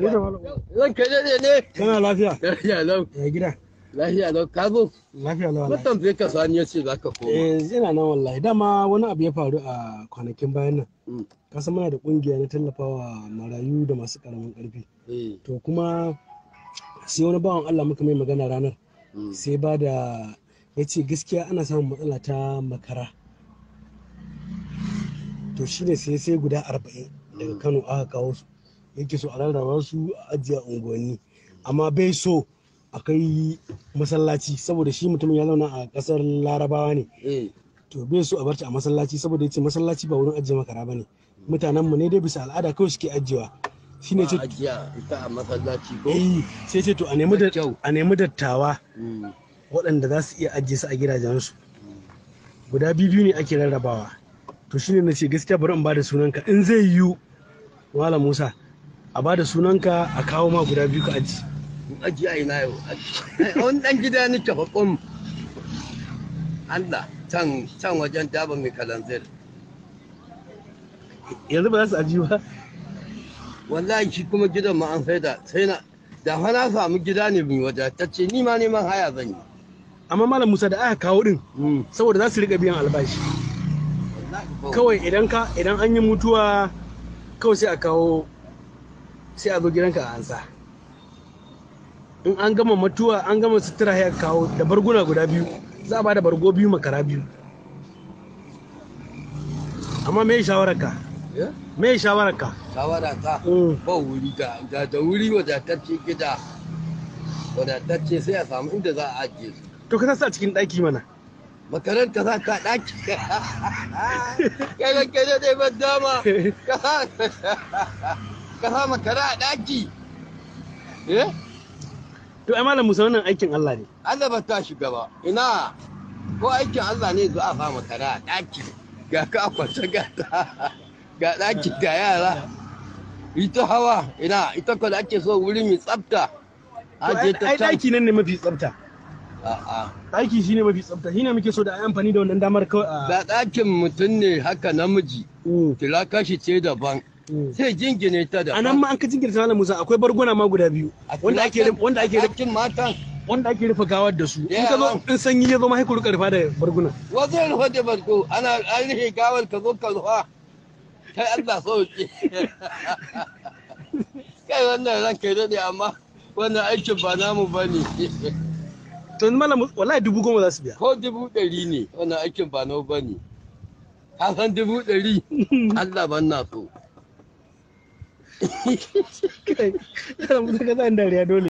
Ni lafiya? Lafiya Lafiya Lafiya ya ce za ka koma. Eh, yana nan dama wani abu ya faru a kwanakin bayan nan. Mm. kasa mana da kungiya na tallafawa marayu da masu karamin karfi. Eh. To kuma sai wani bawan Allah muka mai magana ranar. Mm. Sai ba da ya ce gaskiya ana samun matsala ta makara. To shine sai sai guda arba'in daga mm. Kano aka kawo su. yake so a rarraba su a ajiye unguwanni amma bai so a kai masallaci saboda shi mutumin ya zauna a kasar larabawa ne eh. to bai so a barci a masallaci saboda yace masallaci ba wurin ajiye makara bane mutanen mu ne dai bisa al'ada kawai suke ajiyewa shine ce a masallaci ko eh sai ce to a nemi da a nemi dattawa hmm. waɗanda za su iya ajiye su a gidajensu guda biyu ne ake rarrabawa to shine na ce gaskiya bari in ba da sunanka in zai yiwu malam Musa a ba da sunanka a kawo ma guda biyu ka aji aji a ina yau wani ɗan gida ni ke hukum Allah can can wajen daba mai kalanzir yanzu ba za su aji ba wallahi shi kuma gidan ma an saida sai na da fa na samu gida ne mai wadatacce ni ma neman haya zan yi amma malam Musa da aka kawo din hmm. saboda za su riga biyan albashi kawai idan ka idan an yi mutuwa kawai sai a kawo sai a zo gidanka a ansa in an gama matuwa an gama sutura ya kawo da barguna guda biyu za a ba da bargo biyu makara biyu amma me shawararka eh? me shawararka shawararka mm. ba wuri ga da wuri wadatacce gida wadatacce sai a samu inda za a ajiye su to ka sa cikin daki mana makaranta za ka daki kai da kai da dai dama ka sama kare a ɗaki eh? to ai malam musa wannan aikin Allah ne Allah ba ta shiga ina ko aikin Allah ne zo a sama kare a ɗaki ga ka kwance ga ta ga ɗaki ga yara ita hawa ina ita ko da ake so wuri mai tsafta ai ɗaki nan ne mafi tsafta a'a ɗaki shine mafi tsafta shine muke so da yi amfani da wannan damar kawai ba ɗakin mutum ne haka namiji mm. kira kashi ce daban Hmm. sai jingine ta da anan ma an ka jingine malam Musa akwai barguna ma guda biyu wanda ake wanda ake rufin matan wanda ake rufa gawar da su in ka zo in sanyi ya zo ma ku ruka rufa da barguna wa zai rufa da barko ana an rufe gawar ka zo ka rufa kai Allah sauki kai wannan ran kai dade amma wannan aikin ba namu bane to malam wallahi dubu goma za su biya ko dubu ɗari ne wannan aikin ba namu bane ka san dubu ɗari Allah ban na so Kai, yana mutu ka dariya dole.